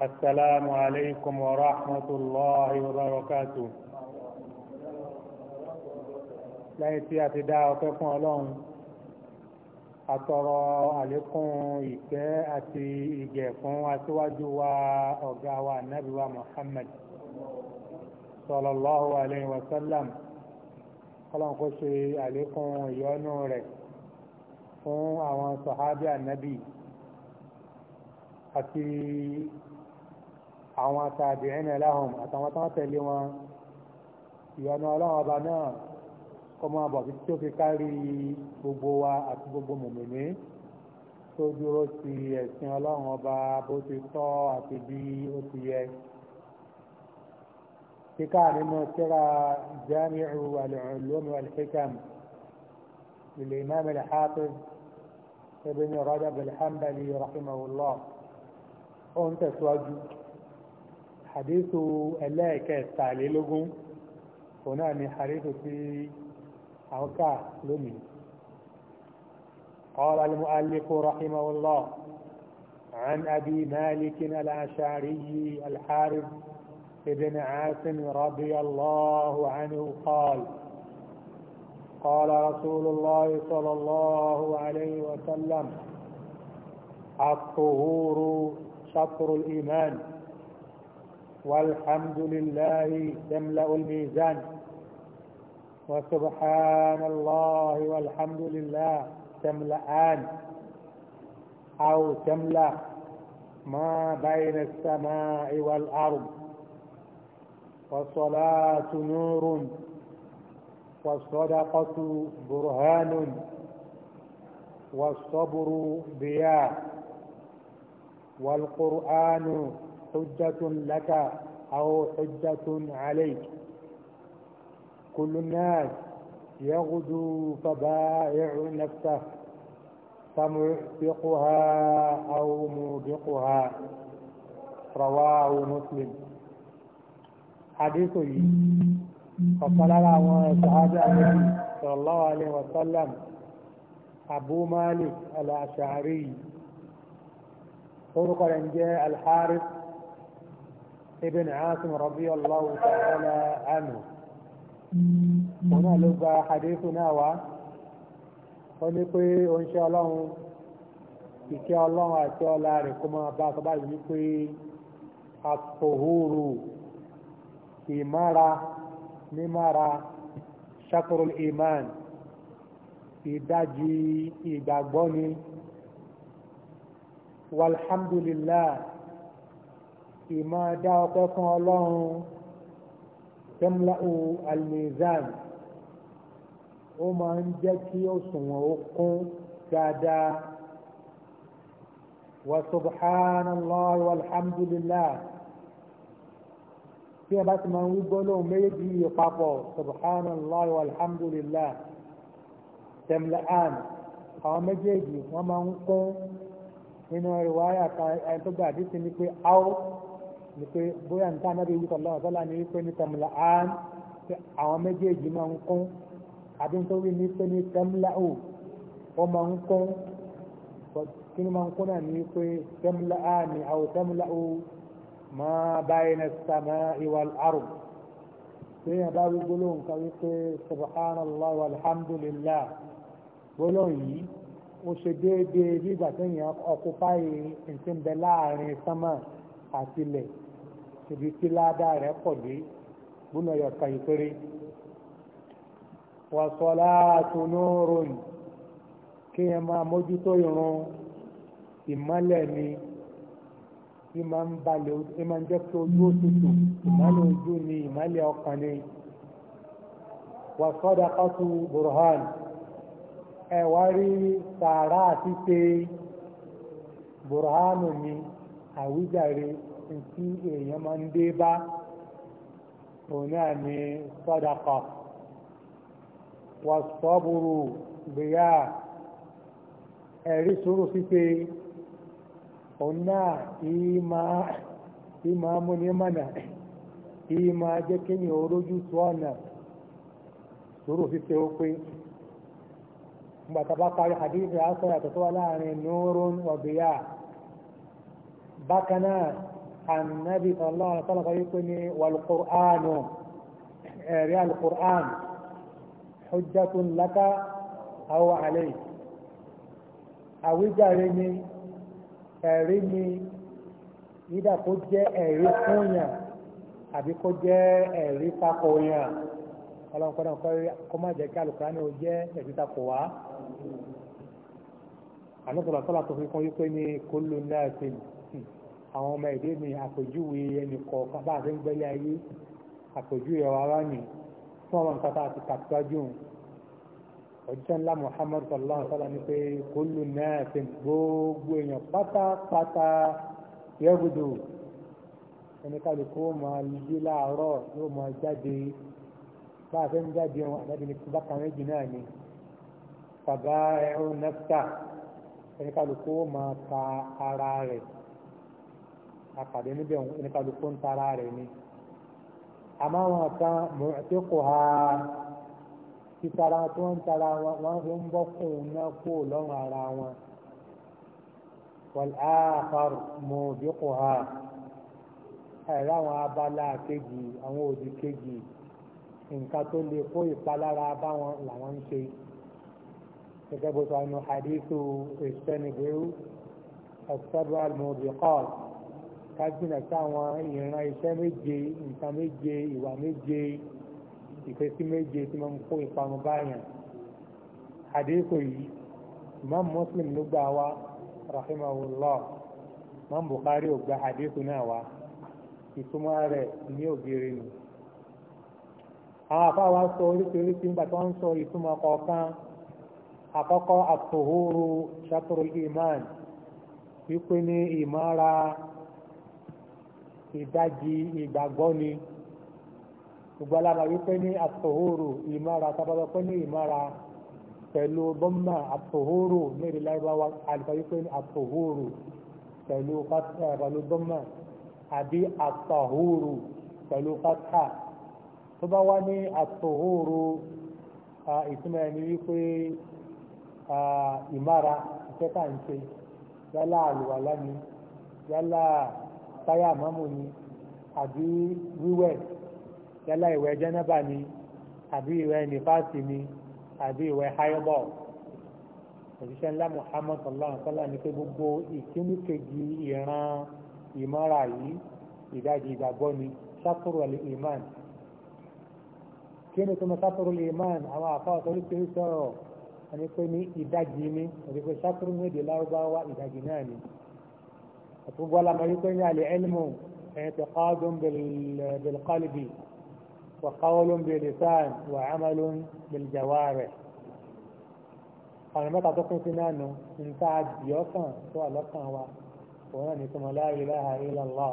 السلام عليكم ورحمة الله وبركاته lẹ́yìn tí a ti dá ọpẹ́ fún ọlọ́run àtọrọ àlékún ìkẹ́ àti ìgẹ̀ fún aṣíwájú wa ọ̀gá wa nábì wa Muhammad sallallahu alayhi wa sallam ọlọ́run kó ṣe àlékún ìyọ́nú rẹ̀ fún àwọn sọ̀hábí ànábì àti àwọn àtàbíẹ̀ẹ́nà láhùn àtàwọn tán tẹ̀lé wọn ìyọnu ọlọ́run ọba náà kọ́ máa bọ̀ fi tó fi kárí gbogbo wa àti gbogbo mùmìnì tó dúró ti ẹ̀sìn ọlọ́run ọba bó ti tọ́ àti bí ó ti yẹ. kíkà nínú síra jamiu al-ulum wal-hikam lil-imam al-hafiz ibn rahimahullah ó ń tẹ̀síwájú. حديث الله tàlélógún هنا من حديث في عوكا ká قال المؤلف رحمه الله عن أبي مالك الأشعري الحارث بن عاصم رضي الله عنه قال قال رسول الله صلى الله عليه وسلم الطهور شطر الإيمان والحمد لله تملا الميزان وسبحان الله والحمد لله تملأان أو تملأ ما بين السماء والأرض والصلاة نور والصدقة برهان والصبر ضياء والقرآن حجة لك أو حجة عليك كل الناس يغدو فبائع نفسه فمعتقها أو موبقها رواه مسلم حديث فقال له صحابة النبي صلى الله عليه وسلم أبو مالك الأشعري orúkọ rẹ̀ ń ابن عاصم رضي الله تعالى عنه هنا لبا حديثنا و ونقول إن شاء الله ìkẹ́ ọlọ́run àti ọlá rẹ̀ kó máa bá sọ báyìí wípé àtòhúrù ìmára mímára shakurul iman ìdájí ìgbàgbọ́ walhamdulillah ìmọ̀ dá ọpẹ́ fún ọlọ́run tẹ́mla'u al-mizan ó máa ń jẹ́ kí òṣùwọ̀n ó kún dáadáa wa subhanallah walhamdulillah tí a bá ti máa ń wí gbólóhùn méjì yìí papọ̀ subhanallah walhamdulillah tẹ́mla'an àwọn méjèèjì wọ́n máa ń kún nínú riwaya àtàwọn ẹni tó ni pé áwọ́ ni pé bóyá nǹkan anábì wíkọ̀ lọ́wọ́ sọ́lá ni wípé ní tẹ̀mùlà án àwọn méjèèjì máa ń kún àbí nítorí ní pé ní tẹ̀mùlà ò ó máa ń kún kí ni máa ń kún náà ni wípé tẹ̀mùlà án ni àwọn tẹ̀mùlà ò máa báyìí na sàmà ìwà àrùn tí yẹn bá wí gbólóhùn kan wípé subhanallah walhamdulillah gbólóhùn yìí ó ṣe déédéé bí ìgbà tó yẹn ọkùpáyé ìtìǹbẹ láàrin sánmà àtilẹ̀ ibi tí ládàá rẹ̀ pọ̀ dé gbúná yọ̀ọ̀ka ìpéré wàsọ̀lá àtúnúròyìn kí ẹ máa mójútó ìrun ìmọ́lẹ̀ ni tí máa ń balẹ̀ tí máa ń jẹ́ pé ojú òtútù ìmọ́lẹ̀ ojú ni ìmọ́lẹ̀ ọkàn ni wàsọ́dà kọ́tù burhan rí sàárà àti pé burhanu ni àwíjàre ìjọsìn tí èèyàn máa ń dé bá òun náà ni sàdákà wà sọ́bùrù gbéyà ẹ̀rí sùúrù fífẹ́ òun náà ìmá múnímọ̀nà ìmá jẹ́ kíni orójú tó ọ̀nà sùúrù fífẹ́ ó pé gbàtàbá parí hadith àásọ̀ yàtọ̀ tó wà láàrin nurun wa biya النبي صلى الله عليه وسلم يقول والقرآن رياء القرآن حجة لك أو عليك àwíjàre ni ẹ̀rí ni yídà kó jẹ́ ẹ̀rí fúnyàn àbí kó jẹ́ ẹ̀rí takò yàn ọlọ́nkọ́dọ̀ kó má jẹ́ kí alùpùpù ní o jẹ́ ẹ̀rí takò wá. ànátọ̀lọ́sọ́lá tó fi kún yí pé ní kó náà sí ni àwọn ọmọ èdè mi àpèjúwe ẹnì kọ̀ọ̀kan bá àti ń gbẹ́lé ayé àpèjúwe ọ̀rọ̀ ara nì fún ọmọ nǹkan tá a ti kàtíwájú òun òjíṣẹ́ ńlá Muhammad sallallahu alaihi wa sallam ni pé kullu nasin gbogbo èèyàn pátápátá yẹ́gùdù oníkàlùkù máa lé láàárọ̀ yóò máa jáde bá a fẹ́ ń jáde wọn àdáde ní bákan méjì náà ni bàbá ẹ̀rọ nẹ́fà oníkàlùkù máa ta ara rẹ̀ àpàdé níbẹ̀ oníkàlùkù ń tara rẹ̀ ni àmọ́ àwọn kan mọ̀ọ́tíkù ha títara tó ń tara wọn fi ń bọ́ fún un náà kó lọ́rùn ara wọn wàláàkàr mọ̀ọ́tíkù ha ẹ̀rọ àwọn abala kejì àwọn òdì kejì nǹkan tó lè kó ìpalára báwọn làwọn ń ṣe gẹ́gẹ́ bó sọ àwọn hadithu ìṣẹ́nibẹ́rú ẹ̀sẹ̀dúrà mọ̀ọ́tíkù ká jìnà sáwọn ìran iṣẹ́ méje nǹkan méje ìwà méje ìfẹ́sí méje tí wọ́n ń kó ìparun báyàn àdéhùn yìí imam muslim ló gbà wá rahimahullah imam bukhari ò gba àdéhùn náà wá ìtumọ̀ rẹ̀ ní ògiri nù àwọn àfáwà sọ oríṣiríṣi nígbà tó ń sọ ìtumọ̀ kọ̀ọ̀kan àkọ́kọ́ àtòhóró ṣàtòrò iman wípé ní ìmọ̀ra ìdajì ìgbàgbọ́ ni gbogbo alára wípé ní àtòhóró ìmára tábàbà pé ní ìmára pẹ̀lú bọ́mà àtòhóró mẹ́rin lárúbáwá àlùfáà wípé ní àtòhóró pẹ̀lú eh, pẹ̀lú bọ́mà àbí àtòhóró pẹ̀lú pátá tó bá wá ní àtòhóró ìtumọ̀ ẹni wípé ìmára ìfẹ́ta ń ṣe yálà àlùwàlá ni yálà táyà mọ́mù ni àbí wíwẹ̀ yálà ìwẹ̀ jẹ́nẹ́bà ni àbí ìwẹ̀ nífàsì ni àbí ìwẹ̀ háyọ́bọ̀ òṣìṣẹ́ ńlá Muhammad sallallahu alaihi wasallam ní pé gbogbo ìkíní kejì ìran ìmọ́ra yìí ìdajì ìgbàgbọ́ ni sátúrò al-iman kí ni tó mọ sátúrò al-iman àwọn àfáà tó ní pé sọ̀rọ̀ ẹni pé ní ìdajì ni òṣìṣẹ́ sátúrò ní lárúbáwá ìdajì náà ni. وطبلا ما يكون العلم اعتقاد بالقلب وقول باللسان وعمل بالجوارح àwọn mẹ́ta tó kún sí náà nù ń tá a dì ọkàn tó wà lọ́kàn wa òun náà ní tó mọ̀ la ilaha illallah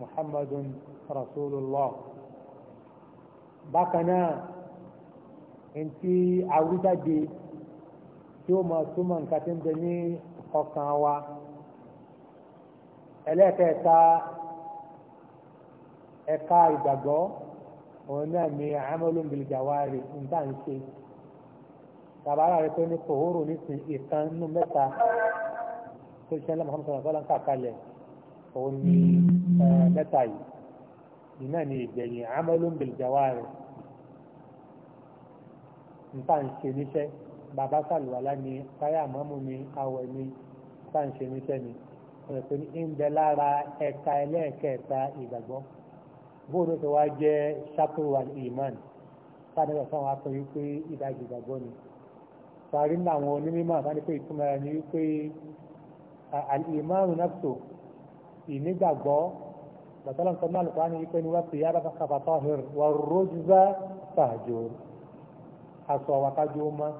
muhammadun rasulullah bákan náà ń tí awúdáde tí ó mọ̀ túmọ̀ nǹkan tí ń bẹ ní ọkàn wa ẹlẹ́ẹ̀kẹta ẹ̀ka ìgbàgbọ́ òun náà ni àmọ́lùm bìlìjàwárì nígbà ń ṣe tàbára rẹ̀ tó ní kòhóró nísìn ìkan nínú mẹ́ta tó ṣẹlẹ̀ mọ́hàmùsọ̀ àgbọ́lá ń kàkalẹ̀ òun ni mẹ́ta yìí iná ni ìgbẹ̀yìn àmọ́lùm bìlìjàwárì nígbà ń ṣe níṣẹ́ bàbá sàlùwàlá ni káyà mọ́mú ni àwẹ̀ ni nígbà ń ṣe níṣẹ́ ni ẹ̀pẹ́ ní ìbẹ̀ lára ẹ̀ka ẹlẹ́ẹ̀kẹta ìgbàgbọ́ bóòlù tó wá jẹ́ shakurwan iman sáàdẹ́gbà fáwọn akọ yìí pé ìdajì ìgbàgbọ́ ni sàárí ní àwọn onímọ̀ àbáni pé ìtumọ̀ rẹ̀ ni wípé ìmọ̀rún náà tó ìnígbàgbọ́ bàtọ́lọ́n tó máàlùkọ́ á ní wípé ni wọ́n fi yára kàfà tọ́hìr wọ́n rójúzá sàájò aṣọ àwàkájú ó mọ́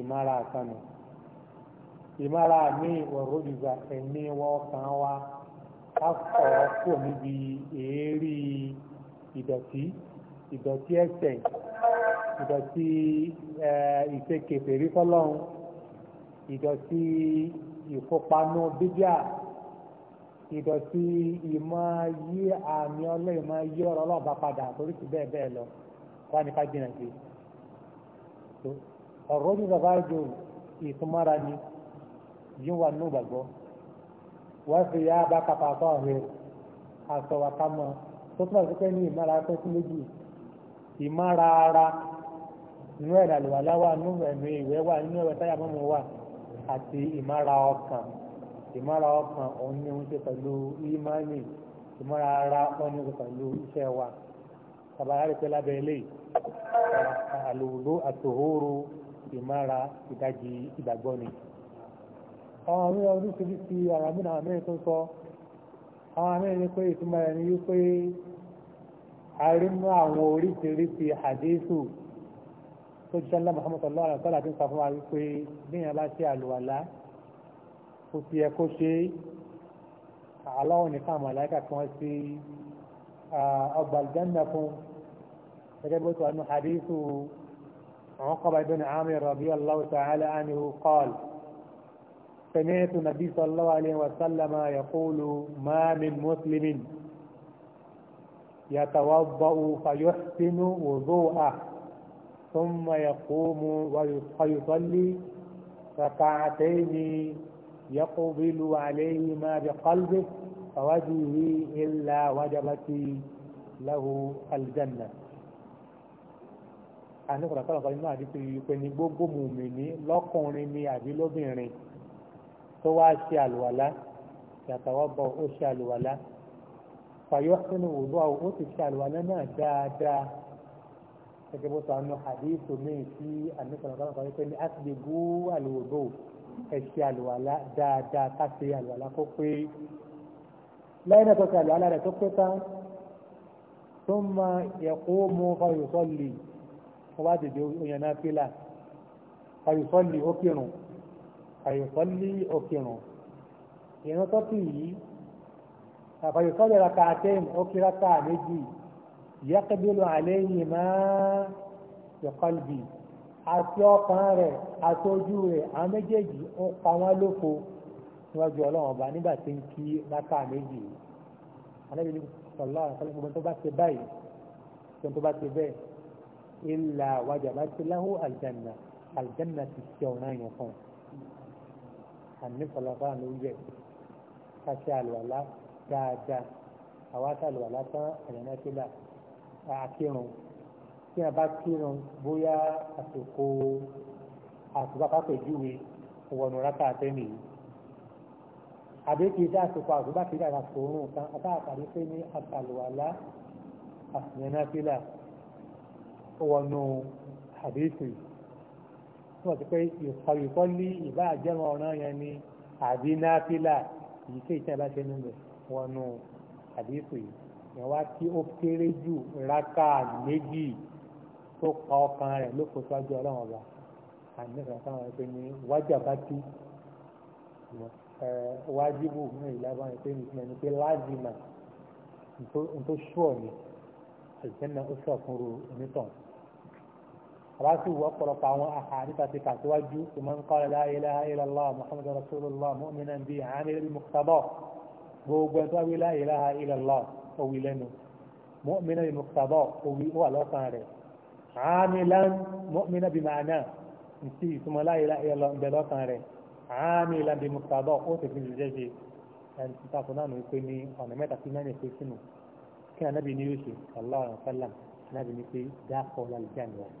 ìmọ̀ra àkànnì ìmára mi ìwọ̀rọ̀ ìgbà ẹ̀mí wọn kan wa ká fọ̀ ọ́ kò níbi èérí ìdọ̀tí ìdọ̀tí ẹ̀sẹ̀ ìdọ̀tí ìṣekèfèrí fọ́lọ́run ìdọ̀tí ìkópanú bíbíà ìdọ̀tí ìmọ̀ yí àmì ọlọ́ ìmọ̀ yí ọ̀rọ̀ ọlọ́ọ̀bá padà torísì bẹ́ẹ̀ bẹ́ẹ̀ lọ wá ní ká jìnà sí ọ̀rọ̀ ní bàbá jù ìtumọ̀ra ni yín wà nínú ìgbàgbọ́ wọ́n fi yá bá kápá àtọ́ rẹ̀ àtọ̀wà ká mọ́ tó túnbọ̀ sí pé ní ìmára pẹ́ sí méjì ìmára ara inú ẹ̀dà lè wà láwà inú ẹ̀mí ìwẹ́ wà inú ẹ̀wẹ́ táyà mọ́mọ́ wà àti ìmára ọkàn ìmára ọkàn òun ní oúnjẹ pẹ̀lú ìmánì ìmára ara òun ní oúnjẹ pẹ̀lú iṣẹ́ wa tàbára rẹ̀ pé lábẹ́ ilé àlòwòló àtòhóró ìmára ìdajì ìgbàgbọ́ ni àwọn àmì oríṣiríṣi àwọn àmì àwọn mẹ́rin tó ń sọ àwọn àmì ní pé ìtumọ̀ ẹni wípé àrínú àwọn oríṣiríṣi àdéṣù tó jẹ́ ńlá Muhammad sallallahu alaihi wasallam ti ń sọ fún wa wípé bíyàn bá ṣe àlùwàlá kò sí ẹ kó ṣe aláwọ̀ nìkan àmọ̀ àláìka kí wọ́n sí ọgbà aljanna fún gẹ́gẹ́ bó tó wà ní àdéṣù àwọn kọ́ba ibn Amir radiyallahu ta'ala anhu qala سمعت النبي صلى الله عليه وسلم يقول ما من مسلم يتوضأ فيحسن وضوءه ثم يقوم ويصلي ركعتين يقبل عليهما بقلبه فوجهه إلا وجبت له الجنة àníkùnrin àtàlọ́kọ́ inú àdìsí ìpè ní gbogbo mùmí ní lọ́kùnrin ni àbí lóbìnrin tó wá ṣe àlùwàlá yàtàwọ́bọ̀ ó ṣe àlùwàlá fàyọ́ sínú wùdó àwọn ó ti ṣe àlùwàlá náà dáadáa gẹ́gẹ́ bó sọ àwọn àdéhùn míì tí àníkànnà kan kan wípé ní àtìlè gú àlùwòdó ẹ ṣe àlùwàlá dáadáa ká ṣe àlùwàlá kó pé lẹ́yìn náà tó ṣe àlùwàlá rẹ̀ tó pé tán tó ma ẹ̀kọ́ mú fàyọ̀sọ́lì wọ́n bá dìde oyan náà fílà fàyọ̀sọ́lì ó kírun àyùkọ́lí òkèrùn ìran tọ́kì yìí àfàyùkọ́lì raka àtẹ́yìn ókè raka méjì yaqbilu alayhima bi qalbi àti ọkàn rẹ̀ àti ojú rẹ̀ àwọn méjèèjì ó pa wọ́n lóko níwájú ọlọ́run ọba nígbà tí ń kí raka méjì yìí anábìlì sọlá tó bá ṣe báyìí tó bá ṣe bẹ́ẹ̀ illa wajabat lahu aljanna aljanna ti ṣe ọ̀ràn yẹn fún un àníkọ̀lọ́fà ló ń jẹ́ káṣí àlùwàlá dáadáa àwa sàlùwàlá tán àyànnáfílà àkírun tí a bá kírun bóyá àsìkò àtúbápá pèjúwe wọnú rákà àtẹ́nì yìí àbí kìí dá àsìkò àtúbá kìí dá àsìkò òórùn kan apá àtàrí pé ní àtàlùwàlá àyànnáfílà wọnú àdéhùn yìí túnmọ̀ sí pé ìkọ̀ ní ìbá àjẹmọ̀ ọ̀ràn yẹn ni àbí náfìlà yìí tí ìtẹ́ bá ṣe nù bẹ̀ wọnú àdínkù yìí yẹn wá kí ó kéré jù rákà méjì tó pa ọkàn rẹ̀ lóko síwájú ọlọ́run ọba àníkàn sáwọn ẹgbẹ́ ní wájà bá tú wájibù ní ìlàbọn ẹgbẹ́ ní ìpínlẹ̀ ní pé láàzìmà ní ṣùọ̀ ni àìsàn náà ó ṣọ̀ onítọ̀hún àbáṣe ìwọ ọ̀pọ̀lọpọ̀ àwọn àhàríta ti kàṣíwájú tó máa ń kọ́ra la ilaha illallah muhammadu rasulullah mu'minan bíi àárín rí mùkútàbọ̀ gbogbo ẹ̀ tó wáyé la ilaha illallah òwì lẹ́nu mu'minan bíi mùkútàbọ̀ òwì wà lọ́kàn rẹ̀ àmìlán mu'minan bíi màánà ntí ìtumọ̀ la ilaha illallah ń bẹ lọ́kàn rẹ̀ àmìlán bíi mùkútàbọ̀ ó ti fi ṣiṣẹ́ ṣe ẹni tí táàpù náà pé ní ọ̀nà mẹ́ta sí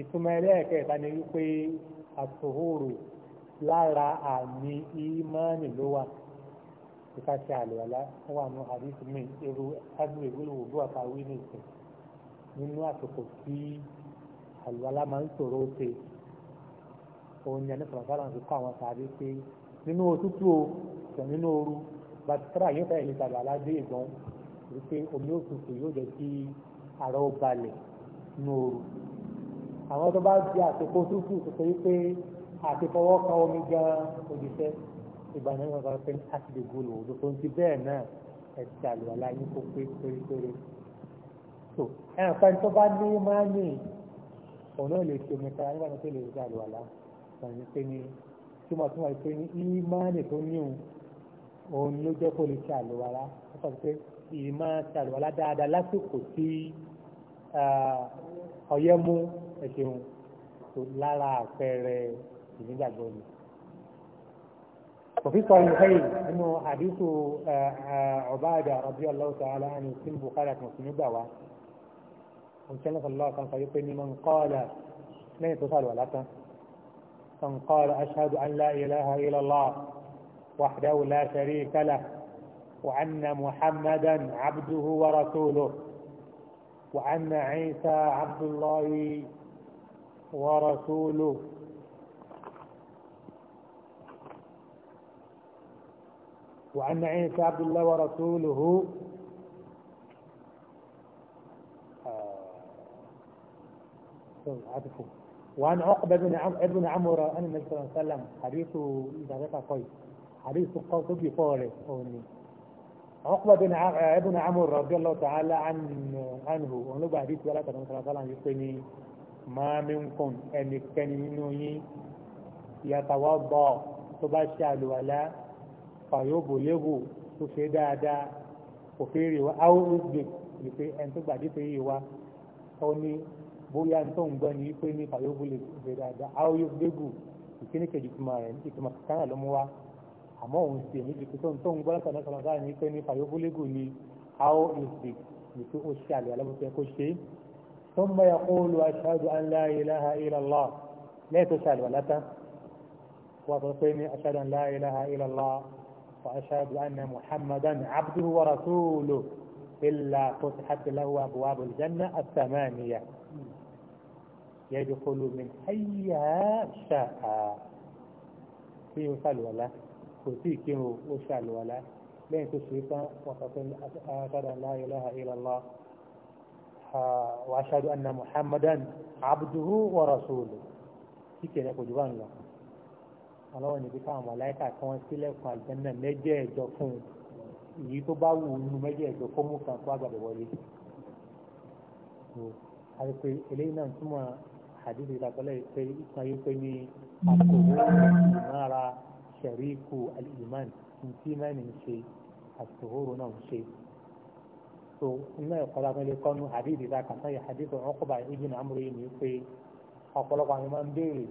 ìtumọ̀ ẹlẹ́ẹ̀kẹta ni wípé àtòhóró lára àmì ìmánì ló wà ìka ṣe àlùwàlá wà ní àdìsí mi èrò ádùn ìwúlò òbú àtàwí ní ìsìn nínú àsìkò tí àlùwàlá máa ń ṣòro ṣe òun ni àní sọ̀rọ̀ sára ń fi kọ́ àwọn sàárè pé nínú òtútù o sọ̀ nínú ooru bàtìkárà yóò fẹ́ ìlú tàbí aládé ìgbọ́n wípé omi òtútù yóò jẹ́ kí ara ó balẹ̀ nínú ooru àwọn tó bá di àsìkò tútù tó ṣe wípé àtìfọwọ́ kan omi gan òjíṣẹ́ ìgbà náà wọn kàn pé láti lè gbó lòó tó ń ti bẹ́ẹ̀ náà ẹ̀sìn àlùwàlá yín kó pé pérépéré tó ẹ̀ràn pẹ́ni tó bá ní máa ń ní òun náà lè ṣe omi kára nígbà tó lè ṣe àlùwàlá ọ̀hún pé ní túmọ̀ túmọ̀ pé ní ìmáàlì tó níhun òun ló jẹ́ kó lè ṣe àlùwàlá ó sọ pé ìmáà ṣe àlùwàlá dáadáa lásìkò tí ọ̀yẹ́ mú ẹ tó lára àpẹẹrẹ ìnígbàgbọ́ وفي صحيح انه حديث عباده رضي الله تعالى عنه في البخاري ومسلم دعوه كان صلى الله عليه وسلم من قال لا يتصل ولا من قال أشهد أن لا إله إلا الله وحده لا شريك له وأن محمدا عبده ورسوله وأن عيسى عبد الله ورسوله وأن عيسى عبد الله ورسوله آه، عفوا وعن عقبة بن عمرو ابن عمرو أن النبي صلى الله عليه وسلم حديثه إذا كويس حديثه قوته بفارس عقبة بن ابن عمرو رضي الله تعالى عن عنه ونبع حديث ولا تنسى صلى الله عليه وسلم máa mi ń kùn ẹnikẹ́ni nínú yín ìyàtàwà bọ̀ tó bá ṣe àlùwàlá fàyó bòlébò tó ṣe dáadáa kò fẹ́ rí wa áwòrán ìpè ẹni tó gbàdé fẹ́ yé wa ó ní bóyá tó ń gbọ́ ní pé ní fàyó bòlébò ṣe dáadáa áwòrán bòlébò ìkíní kejì ìtumọ̀ rẹ̀ ìtumọ̀ kankan ló mú wa àmọ́ òun sì èmi jù pé tó ń gbọ́ látọ̀ náà sáà ní pé ní fàyó bòlébò ni áwòrán ìpè ìpè ó ṣe àlùwàlá bó ṣe ṣe é ثم يقول وأشهد أن لا إله إلا الله لا تسأل ولا وتصيم أشهد أن لا إله إلا الله وأشهد أن محمدا عبده ورسوله إلا فتحت له أبواب الجنة الثمانية يدخل من حيها شاء في سلولة وفيه وسلولة لين تشرك وتصيم أشهد أن لا إله إلا الله وأشهد أن محمدا عبده ورسوله kíkẹ́ rẹ̀ kò jù bá ń lọ ọlọ́wọ́ níbi káwọn mọ̀láìkà kí wọ́n sílẹ̀kùn àlùjànnà mẹ́jẹ̀ẹ̀jọ fún un èyí tó bá wù ú nínú mẹ́jẹ̀ẹ̀jọ kó mú kan kó àgbàdo wọlé àti pé eléyìí náà túmọ̀ àdúgbò ìdàgbọ́lẹ̀ pé ìtàn ayé pé ní àkókò ìmọ̀ra ṣẹ̀ríkù alìmán ní tí mẹ́rin ń ṣe àtòhóró náà ń ṣe so nínú ẹ̀kọ́ la fẹ́ẹ́ lè kọ́ ìdá kan sáyẹ hadith Uqba ibn Amr yìí ni pé ọ̀pọ̀lọpọ̀ àwọn máa ń béèrè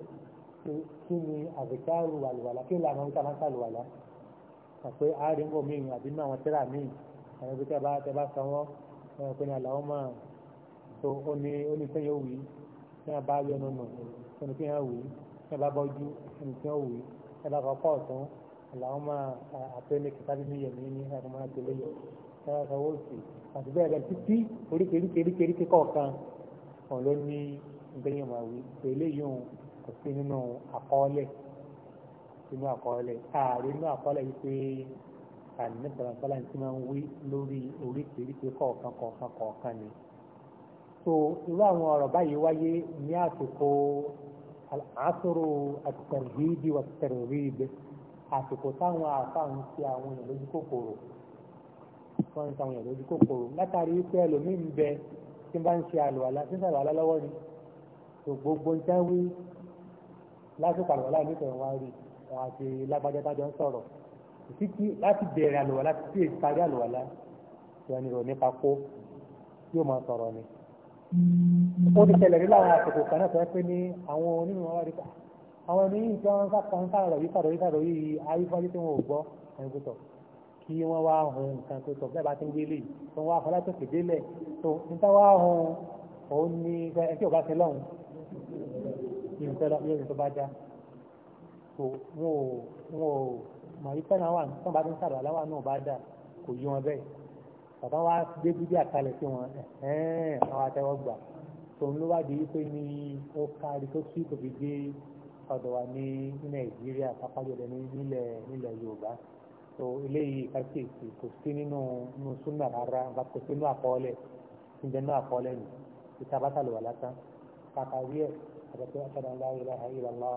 kí ni àzìkáàrù àlùwàlà kí ni àwọn ìtàn láǹkà àlùwàlà àpé àárín bò míì àbí nínú àwọn tẹ́lá míì àwọn ibi tẹ́ bá tẹ́ bá san wọ́n ẹ̀rọ pé ní àlàó máa so ó ní ó ní sẹ́yìn òwì tí wọ́n bá yọ nínú ẹni tí wọ́n wì í tí wọ́n bá bọ́jú ẹni tí wọ́n wì í tí wọ́n bá kọ́ pọ̀ tún àlàó máa àpé ní kìtàbí wọn sanwó sí àti bẹ́ẹ̀ bẹ́ẹ̀ títí oríkèéríkèéríkèé kọ̀ọ̀kan wọn ló ní gbẹ̀yìn máa wí pé eléyìí òun kò sí nínú àkọọ́lẹ̀ nínú àkọọ́lẹ̀ ààrẹ nínú àkọọ́lẹ̀ yìí pé àní sọ̀rọ̀sọ̀rọ̀ tí máa ń wí lórí oríkèéríkèé kọ̀ọ̀kan kọ̀ọ̀kan kọ̀ọ̀kan ni. so irú àwọn ọ̀rọ̀ báyìí wáyé ní àsìkò àásòrò àtẹ̀rẹ̀hídì àtẹ̀rẹ̀hídì àsìkò táwọn àfáà ń ṣe àwọn èèyàn lójú kòkòrò wọ́n ń sàwọn ìlú kòkòrò látàrí wípé ẹlòmíì ń bẹ tí bá ń ṣe àlùwàlá tí ń sàlùwàlá lọ́wọ́ ni tó gbogbo ń jáwé lásìkò àlùwàlá nífẹ̀ẹ́ wọn rí wọn àti lágbájá tájọ ń sọ̀rọ̀ títí láti bẹ̀rẹ̀ àlùwàlá títí èyí parí àlùwàlá ìwọ ni ìròyìn nípa kó yóò máa sọ̀rọ̀ ni. ó ti tẹ̀lẹ̀ rí láwọn àsìkò kan náà fẹ́ pé ní àwọn onímọ̀ wọn rí pa àwọn ẹni yìí tí wọ́n ń sàkóńtà rọ̀ yìí sàrọ̀ yìí sàrọ̀ yìí ayé fọ́jú tí wọ́n ò gbọ́ ẹni tó tọ̀ kí wọ́n wá hun nǹkan tó sọ bẹ́ẹ̀ bá ti ń délé tó wá hun látòkè délẹ̀ tó ń tá wá hun òun ní ẹ tí ò bá ti lọ́hùn ní nǹkan lọ yóò tó bá já tó wọn ò wọn ò mọ̀ ipẹ́ náà wà ní tó bá ti ń sàrọ̀ aláwà náà bá dà kò yí wọn bẹ́ẹ̀ bàbá wa gbé bíbí àkàlẹ̀ sí wọn ẹ̀ẹ́n àwọn àtẹwọ́ gbà tòun ló wádìí wípé ni ó kárí tó tí kò fi gbé ọ̀dọ̀ wa ní Nàìjíríà pápá jọ̀dọ̀ nílẹ̀ nílẹ̀ Yorùbá so eléyìí kàkíyèsí kò sí nínú nínú súnà rárá nǹkan kò sí nínú àkọọ́lẹ̀ níjẹ́ nínú àkọọ́lẹ̀ nì ìta bá sàlùwà lásán kàkà rí ẹ̀ àbẹ̀tẹ̀ ashhadu an la ilaha illallah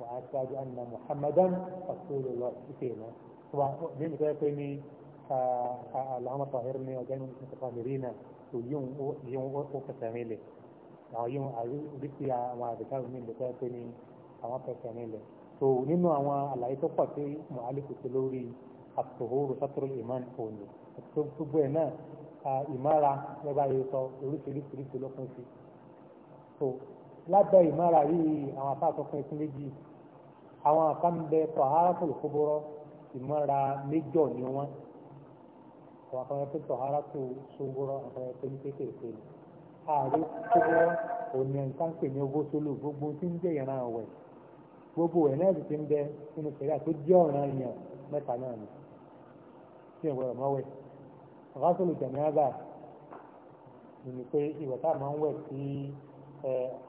wa ashhadu anna muhammadan rasulullah ìpè mọ́ tó bá dé nípa pé ní allahumma tahhirni ọjọ́ ní mutahhirina tó yíwọn yíwọn ó fẹsẹ̀ mi lẹ̀ àwọn yíwọn àrí oríṣi àwọn àbíká mi nípa pé ní àwọn so nínú àwọn àlàyé tó pọ̀ tí mọ̀hálì kò sí lórí àtòhóró sátúrò ìmán òní tó gbogbo ẹ̀ náà ìmára lẹ́gbàá yìí sọ oríṣiríṣiríṣi ló kún sí so lábẹ́ ìmára yìí àwọn afá àtọkùn ẹ̀sìn méjì àwọn afá ń bẹ tọ̀hárá tó lè kóbóró ìmára méjọ ni wọ́n àwọn afá ń bẹ tọ̀hárá tó sóbóró àwọn afá ń bẹ ní kékeré ààrẹ kóbóró òní ẹ̀ ń sáńpè ní ogósólù gbogbo tí ń jẹ́ ìran àwẹ̀ gbogbo ẹ̀ náà sì ti ń bẹ nínú sẹ̀ríà tó jẹ́ ọ̀ràn èèyàn mẹ́ta náà ni tí ìwọ ọ̀rọ̀ mọ́wẹ̀ ọ̀gáṣọ́lù jẹ̀míábà ni pé ìwọ̀ tá a máa ń wẹ̀ sí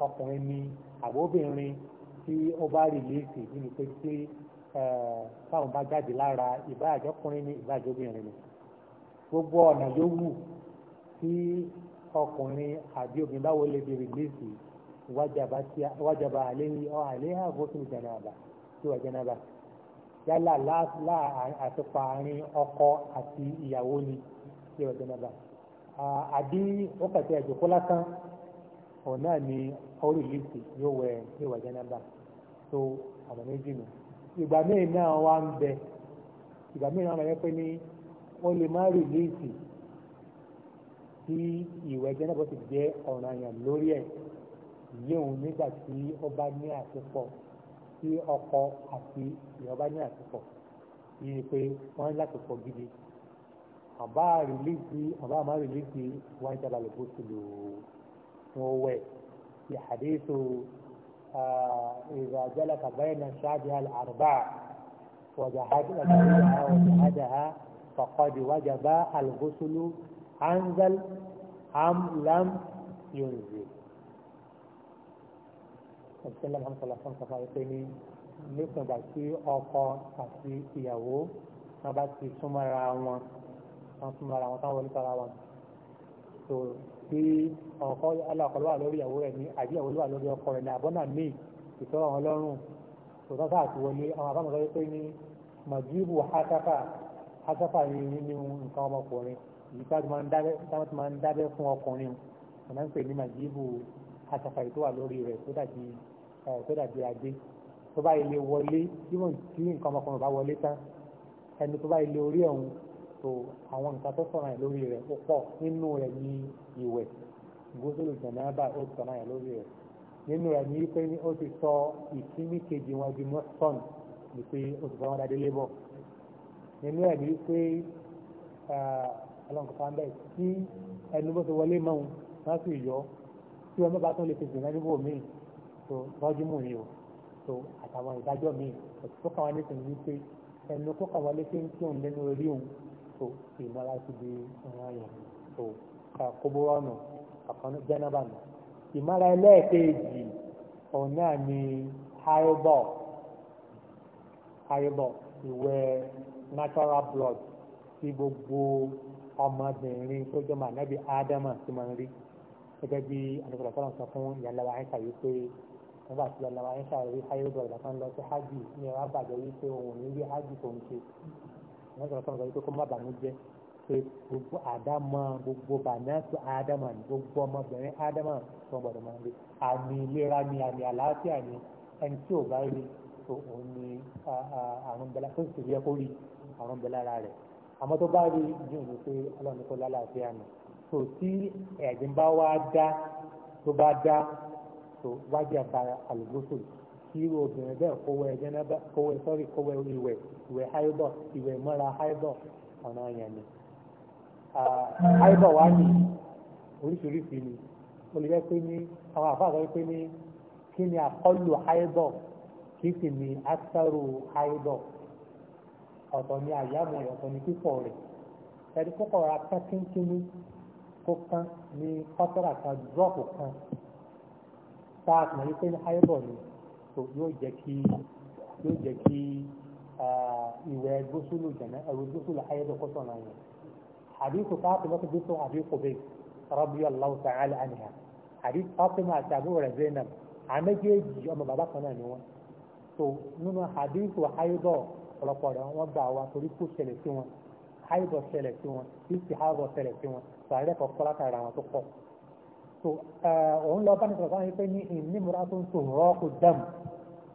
ọkùnrin ni àbóbìnrin tí ó bá rí léèkì nínú pé tí táwọn bá jáde lára ìbáàjọkùnrin ni ìbáàjọbìnrin ni gbogbo ọ̀nà yóò wù tí ọkùnrin àbí obìnrin báwo lè di rìlíìsì wájaba àléyìn ọ àléyà bófin jẹnaba tí wà jẹnaba yálà láà àtúpa àárín ọkọ àti ìyàwó ni tí wà jẹnaba àbí ó kàtí àjòkó lásán ọ̀hún náà ni ọrù ìlísì yóò wẹ ní wà jẹnaba tó ọ̀nà méjì nù ìgbà míì náà wá ń bẹ ìgbà míì náà wọ́n yẹ pé ní ó lè má rìlíìsì tí ìwẹ̀ jẹnaba ti jẹ́ ọ̀ranyàn lórí ẹ̀ yéwu nígbà tí ọba ní àsopọ̀ tí ọkọ àti ìyọba ní àsopọ̀ yìí pé wọ́n lásopọ̀ gidi àbá rìlíìsì àbá àmà rìlíìsì wọ́n jábà lè bóṣù lò wọ́n wẹ̀ yà àdéhùn ìrìnàjálà kàbáyìnà ṣáàdì àrùbá wàjáhádà fàkọ́dì wájàbá àlùbóṣùlù anzal am lam yunzil ọ̀sẹ̀lẹ̀ mọ́tòlá fún sọ́fà wípé ní nípa ìgbà tí ọkọ àti ìyàwó wọn bá ti súnmọ́ra wọn wọn súnmọ́ra wọn táwọn wọlé tara wọn tó tí ọkọ alákọ̀ọ́lọ́ wà lórí ìyàwó rẹ̀ ní àbí ìyàwó ló wà lórí ọkọ rẹ̀ ní àbọ́nà míì ìtọ́rọ̀ wọn lọ́rùn tó tọ́ta àti wọlé àwọn àbámọ̀ sọ wípé ní màjíbù hásáfà hásáfà ní nínú nǹkan ọmọkùnrin èyí tá ti máa ń dábẹ́ fún ọkùnrin ọ̀nà ń pè ní màjíbù hásáfà èyí lórí rẹ̀ tó dàbí tó dàbí adé tó bá ilé wọlé díwọ̀n tí nǹkan ọmọkùnrin bá wọlé tán ẹni tó bá ilé orí ọ̀hún tó àwọn nǹkan tó sọ̀rọ̀ yẹn lórí rẹ̀ ó pọ̀ nínú rẹ̀ ní ìwẹ̀ gúúsùlù jẹ̀nàbà ó sọ̀rọ̀ yẹn lórí rẹ̀ nínú rẹ̀ ní pé ó ti sọ ìkíní kejì wọn di mọ́sán ní pé ó ti sọ wọn dáadé lébọ̀ nínú rẹ̀ ní pé ọlọ́nkọ̀ fáńdà tí ẹnu bó ti wọlé mọ́ wọn láti yọ tí wọn bá tún lè fèsì náà níbò míì tó rọ́júmù ni o tó àtàwọn ìdájọ́ mi tó kàn wá ní sìn wípé ẹnu tó kàn wá lé pé ń tí òun lẹ́nu orí òun tó ìmọ̀ra ti di ọ̀ràn yẹn tó ká kóbóró nù àkànnú jẹ́nàbà nù. ìmọ̀ra ẹlẹ́ẹ̀kejì òun náà ni haribọ̀ haribọ̀ ìwẹ̀ natural blood tí gbogbo ọmọbìnrin tó jọ màá nábì ádámà ti máa ń rí gẹ́gẹ́ bí àdókòlò sọ̀rọ̀ sọ fún ìyá ńlá wa ń kàwé pé nígbà tí ọlọ́wà ń ṣàròyé háyọ́dọ̀ ìlàkan lọ sí hajj ní ọ̀rá bàjẹ́ wípé òun ní bí hajj tó ń ṣe wọ́n sọ̀rọ̀ sọ̀rọ̀ wípé kó má bàánú jẹ́ pé gbogbo àdámọ́ gbogbo bàánátù ádámà ní gbogbo ọmọbìnrin ádámà tó gbọ́dọ̀ máa ń lé àmì ìlera ni àmì àlàáfíà ni ẹni tí ò bá rí tó òun ní àrùn bẹ́lá tó sì yẹ kó rí àrùn bẹ́lá ara so wájà para àlùbọ́sọ̀ tí irú obìnrin bẹ́ẹ̀ kówó ẹ̀jẹ̀ náà kówó ẹ̀ sọ́rí kówó ìwẹ̀ ìwẹ̀ háìbọ̀ ìwẹ̀ mọ́ra háìbọ̀ ọ̀nà yẹn ni. háìbọ̀ wá ní oríṣiríṣi ni ó lè jẹ́ pé ní àwọn àfáà sọ pé ní kí ni àkọlù háìbọ̀ kí sì ni àṣàrò háìbọ̀ ọ̀tọ̀ ni àyàmọ̀ ọ̀tọ̀ ni pípọ̀ rẹ̀ ẹ̀rí kókò ra kán kínkínní kó kán ní kọ́tọ́rà kan dúrọ́ọ̀pù kan tá a mọ̀ wípé ní háìbọ̀ ni yóò jẹ́ kí yóò jẹ́ kí ìwẹ̀ gbósùlù jẹ̀mẹ́ ẹ̀rọ gbósùlù háìbọ̀ kọ́sọ̀ náà yẹn حديث فاطمة بنت أبي قبيس رضي الله تعالى عنها حديث فاطمة أتابعه زينب àmẹ́jẹ́jì ọmọ bàbá kan náà ni wọ́n so nínú hadith wa haidọ̀ ọ̀pọ̀lọpọ̀ rẹ̀ wọ́n gbà wá torí kú ṣẹlẹ̀ sí wọn haidọ̀ ṣẹlẹ̀ sí wọn ìsì haidọ̀ ṣẹlẹ̀ so uh, òun lọ bá nìkan sáyẹn pé ní ìní múra tó ń so rọ́ọ̀kù dàm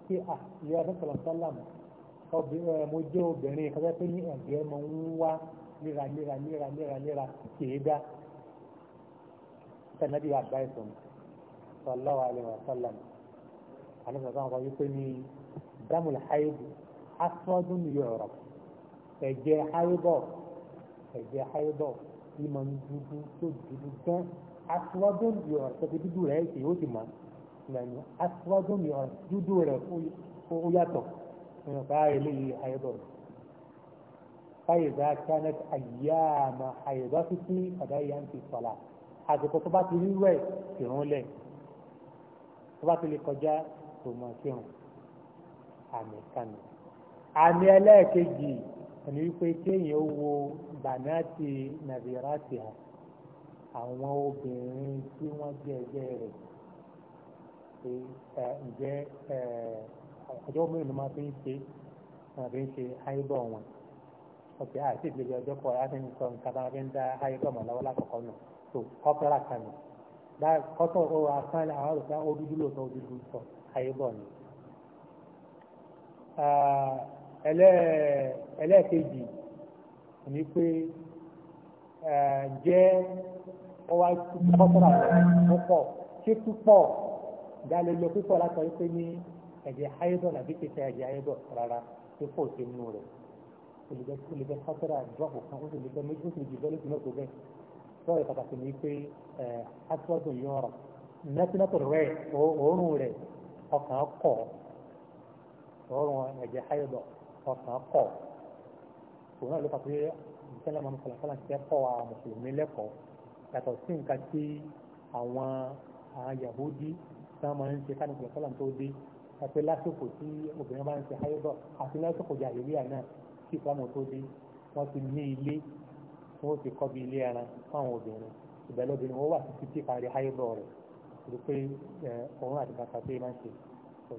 pé à ìyá ọdún sọlọmọsọlọm mo jẹ́ obìnrin kan fẹ́ pé ní ẹ̀jẹ̀ mo ń wá léra léra léra léra léra kìí dá tẹ̀lẹ́bí àgbáyìsùn sọlọ́wọ́ àlewà sọlọm àlejò sáwọn kan wípé ní dàmùl háyébù asọ́dún yọ̀rọ̀ ẹ̀jẹ̀ háyébọ̀ ẹ̀jẹ̀ háyébọ̀ ìmọ̀ dúdú tó dúdú gan aṣíwájú ní ọ̀rọ̀ tẹ̀sí dúdú rẹ̀ ṣe ó sì mọ̀ ìlànà aṣíwájú ní ọ̀rọ̀ dúdú rẹ̀ ó yàtọ̀ nínú ká eléyìí àyẹ̀bọ̀ rẹ̀. fáyẹ̀dá kánẹ́t àyàmà àyẹ̀bá títí àdáyà ń ti sọ̀la àsìkò tó bá ti rí rẹ̀ kìrún lẹ̀ tó bá ti lè kọjá tó mọ̀ kírun àmì kánì. àmì ẹlẹ́ẹ̀kejì ẹni wípé kéèyàn wo bànáàtì nàìjíríà ti hàn àwọn obìnrin tí wọ́n jẹ́ ẹgbẹ́ rẹ̀ ǹjẹ́ ọjọ́ mélòó ló máa fi ń ṣe máa fi ń ṣe áyébọ̀ wọn ọ̀sẹ̀ àti ọjọ́ kọ̀ láti ń sọ nǹkan bá fi ń dá áyébọ̀ mọ̀ lọ́wọ́ lákọ̀ọ́kọ́ nù tó kọ́pẹ́rà kan kọ́tọ̀ ó àwọn olùkọ́ ó dúdú ó dúdú sọ áyébọ̀ ni. ó wá kọ́sọ́rọ̀ àwọn púpọ̀ ṣé púpọ̀ dalẹ̀ lọ púpọ̀ látọ̀ wípé ní ẹ̀jẹ̀ ayédọ̀ làbí kẹsẹ̀ ẹ̀jẹ̀ ayédọ̀ rárá tó pọ̀ sí inú rẹ̀ olùgbẹ́ kọ́sọ́rọ̀ àdúrọ̀pù kan ó sì lè gbẹ́ méjì ó sì lè jù bẹ́ẹ̀ lóṣù mẹ́kọ̀ọ́ bẹ́ẹ̀ sọ́ọ̀rọ̀ pàtàkì ni pé aṣọ́dún yọ̀ọ̀rọ̀ nẹ́tínátọ̀ rẹ̀ òórùn rẹ̀ ọkàn kọ̀ òórùn ẹ̀jẹ̀ ayédọ̀ ọkàn kọ̀ òun náà ló pàtó yẹ ìṣẹ́lẹ̀ mọ́nukọ̀lá fọlá ti fẹ́ kọ́ wa mùsùlùmí lẹ́kọ̀ọ́ yàtọ̀ sí nǹkan tí àwọn àwọn Yahudi tí wọ́n máa ń ṣe kánìkì ọ̀sọ́làm tó dé ẹ̀pẹ́ lásìkò tí obìnrin bá ń ṣe háídọ̀ àti lásìkò jàìlíà náà kí ìsìlámù tó dé wọ́n ti ní ilé wọ́n ti kọ́ bí ilé ẹran fáwọn obìnrin ìbẹ̀lẹ̀ obìnrin wọ́n wà títí tí parí háídọ̀ rẹ̀ rí pé ọ̀run àti bàtà pé máa ń ṣe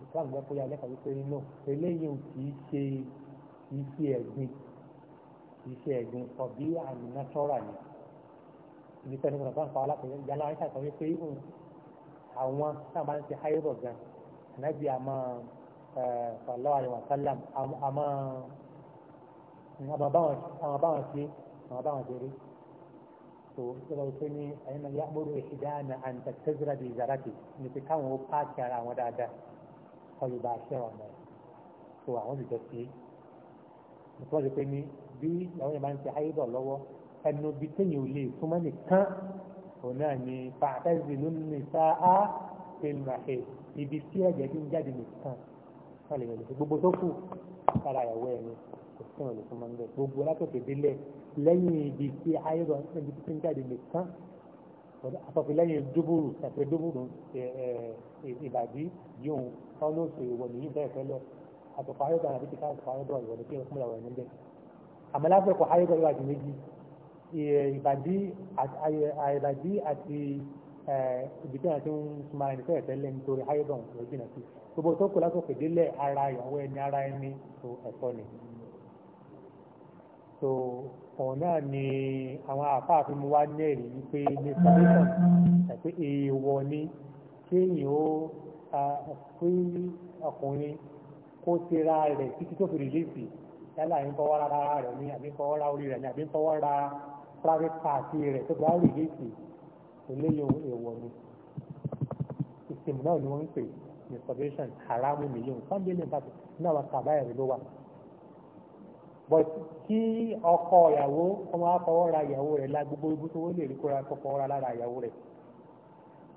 ìsìlámù gbẹ́ fúyà lẹ́kọ̀ọ́ wípé nínú eléyìí kì í ṣe kì í ṣe ẹ̀gbin kì í ṣe ẹ̀gbin ọ̀bí àmì náṣọ́rà ni ibi tẹ́ni mo nàfà ń fa alákòóyè ìyálà ayé sàkọ́ wípé àwọn náà bá ń ṣe háyébọ̀ gan ànábì àmọ́ sallallahu alaihi wasallam àmọ́ àmọ́ báwọn ṣe àmọ́ báwọn ṣe rí tó sọ́dọ̀ wípé ní ẹ̀yìn náà yàgbọ́rò ìdáná àǹtà tẹ́sílà di ìzàràtì ní pé káwọn ó pààkì ara àwọn dáadáa kọ́ ló bá ṣẹ́ wọn náà tó àwọn ti jọ sí i nítorí pé ní bí àwọn yẹn bá ń ṣe háyébọ̀ lọ́wọ́ ẹnu bí téèyàn ò lè súnmọ́ nìkan òun náà ni fàtẹ́sì ló ní sáà pèlùmàṣẹ ibi tí ẹ̀jẹ̀ ti ń jáde nìkan wọ́n lè yẹn gbogbo tó kù kára ìyàwó ẹ̀ ni kò sí ọ̀nà tó máa ń bẹ̀ gbogbo látọ̀tẹ̀ délẹ̀ lẹ́yìn ibi tí ayélujára ibi tí ń jáde nìkan àtọ̀fẹ́ lẹ́yìn dúbúrú ẹ̀fẹ́ dúbúrú ìbàdí yóò ọ̀nà òsè ìwọ̀ nìyí bẹ́ẹ̀ fẹ́lẹ̀ àtọ̀fẹ́ ayélujára àti ìbàdí àìbàdí àti ìbìtẹ́ àti ń súnmọ́ ẹni tẹ́lẹ̀ tẹ́lẹ̀ nítorí hayodon ló jìnà sí gbogbo tó kù lásòkè délẹ̀ ara ìyàwó ẹni ara ẹni tó ẹ̀tọ́ ni so ọ̀hún náà ni àwọn àfáàfin mu wá nẹ́ẹ̀rí wípé ní foundation àti èèwọ̀ ni kéèyàn ó pín ọkùnrin kó tera rẹ̀ títí tó fi rìlíìsì yálà ń fọwọ́ rárá rẹ̀ ni àbí ń fọwọ́ ra orí rẹ̀ ni àbí fọwọ́ ra private party rẹ̀ tó bá rí gèsì eléyò èèwọ̀ ni ìsìnkú náà ni wọ́n ń pè masturbation haramu nìyẹn sunday nípa náà wà kàbá ẹ̀rí ló wà but kí ọkọ ìyàwó ọmọ afọwọ́ ra ìyàwó rẹ̀ la gbogbo ibi tó wọ́n lè rí kóra kọ́kọ́ ra lára ìyàwó rẹ̀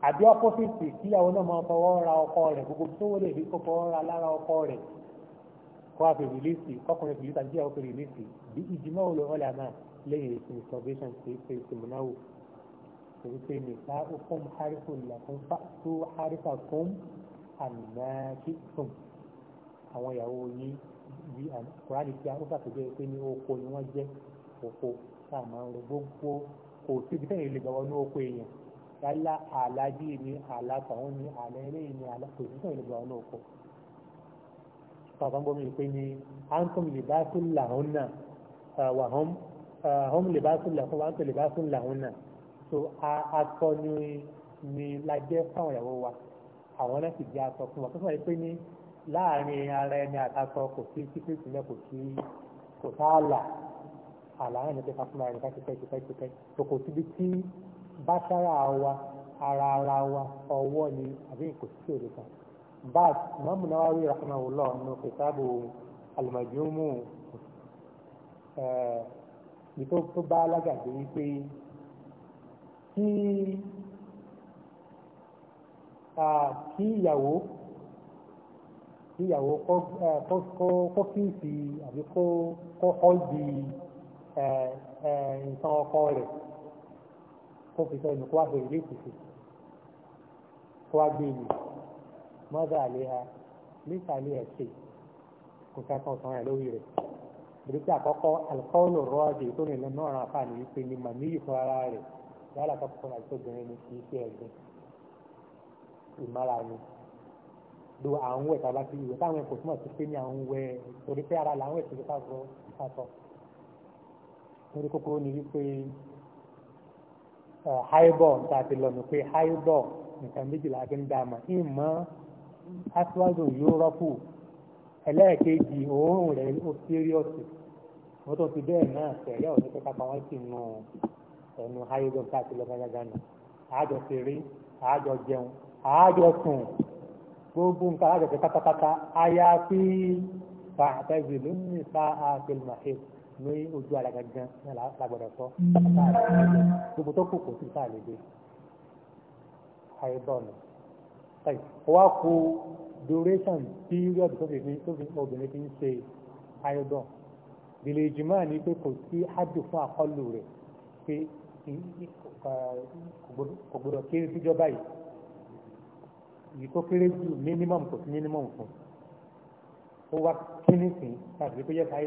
àbí ọpọ́fíìsì kí ìyàwó náà máa fọwọ́ ra ọkọ rẹ̀ gbogbo tó wọ́n lè rí kọ́kọ́ ra lára ọkọ rẹ̀ kọ́ àfẹ́ rìlíìsì kọ́kùnrin rìlíìsì àti ìyàwó rìlíìsì bí ìdìmọ́ olùrànlá náà lẹ́yìn ìsinmi salvation ti ṣe ìsìmúnáwò torí pé nìka okun harifu làkún tó harifa kún àmìnàkìtùn àwọn ìyàwó yìí bí àkùránì tí a ó ṣàpèjẹ pé ní oko ni wọ́n jẹ́ oko tá a máa ń lo gbogbo kò síbi tẹ́yìn lè gbàgbọ́ ní oko èèyàn yálà àlájì ni àlá tàwọn ni àlá eléyìí ni àlá kò síbi tẹ́yìn lè gbàgbọ́ ní oko bàbá ń bọ́ mi pé ní antum libasul lahunna wa hum hom eh, libasun lahum wa antum libasun lahunna so aṣọ ni ni la jẹ́ fáwọn ìyàwó wa àwọn náà sì jẹ́ aṣọ fún wa tó sọ̀rọ̀ pé ní láàrin ara ẹni àtàṣọ kò sí secret náà kò sí kò sáàlà àlàyé ní pípa fún ara ìfẹ́ ìfẹ́ ìfẹ́ tó kò síbi tí báṣára wa ara ara wa ọwọ́ ni àbí kò sí òde kan bas mọ́mù náà wá rí rahmanullah nù kìtàbù al-majmu eh, ní tó tó bá alágàdé wípé kí kí ìyàwó kí ìyàwó kọ́ fíìsì àbí kọ́ ọ́ọ̀dì nǹkan ọkọ rẹ̀ kó fi sọ ìnù kó wá fèrè léèkìsì kó wá gbé ìlú mọ́tà àléha lẹ́sà àléha ṣe kò ká kan ọ̀sán rẹ̀ lórí rẹ̀ ìdíkì àkọ́kọ́ alikọ́ọ̀lù rọ́ọ̀dì tó nílẹ̀ náà ràn fà ní wípé ni màmí yìí fún ara rẹ̀ yálà kọ́kọ́ àti obìnrin ni kì í ṣe ẹ̀gbìn ìmára ni do àwọn ẹ̀ka bá ti ìwé táwọn ẹ̀kọ́ túmọ̀ sí pé ní àwọn wẹ̀ torí pé ara làwọn ẹ̀kọ́ tó káàkọ́ káàkọ́ torí kókóró ni wípé haibọ̀ níta ti lọ́nu pé haibọ̀ nǹkan méjìlá fi ìmọ̀ aṣíwájú yóò rọ́pù ẹlẹ́ẹ̀kejì òórùn rẹ̀ ó fíríọ̀sì wọ́n tó fi bẹ́ẹ̀ náà tẹ̀lé ọ̀dọ́ pé kápá wọn sì nu ẹnu ayélujára káàkiri lọ́gbàdàgbà nù àájọ ṣeré àájọ jẹun àájọ sùn gbogbo nǹkan àájọ ṣe pátápátá àyàfi fàtẹ́sì ló ní ìfà àfẹlùmáṣe ní ojú ara gangan náà lágbọ̀dọ̀ sọ gbogbo tó kù kò sí sáà lè dé ayé kú duration period tó fi tó fi obìnrin fi ń ṣe iodine bìlẹ̀ ìjùmọ̀ ni pé kò sí ájò fún àkọlù rẹ̀ pé kò gbọdọ̀ kéré síjọba yìí èyí tó kéré jù minimum kò sí minimum fún ó wá kíní sí tàbí pé yẹ ká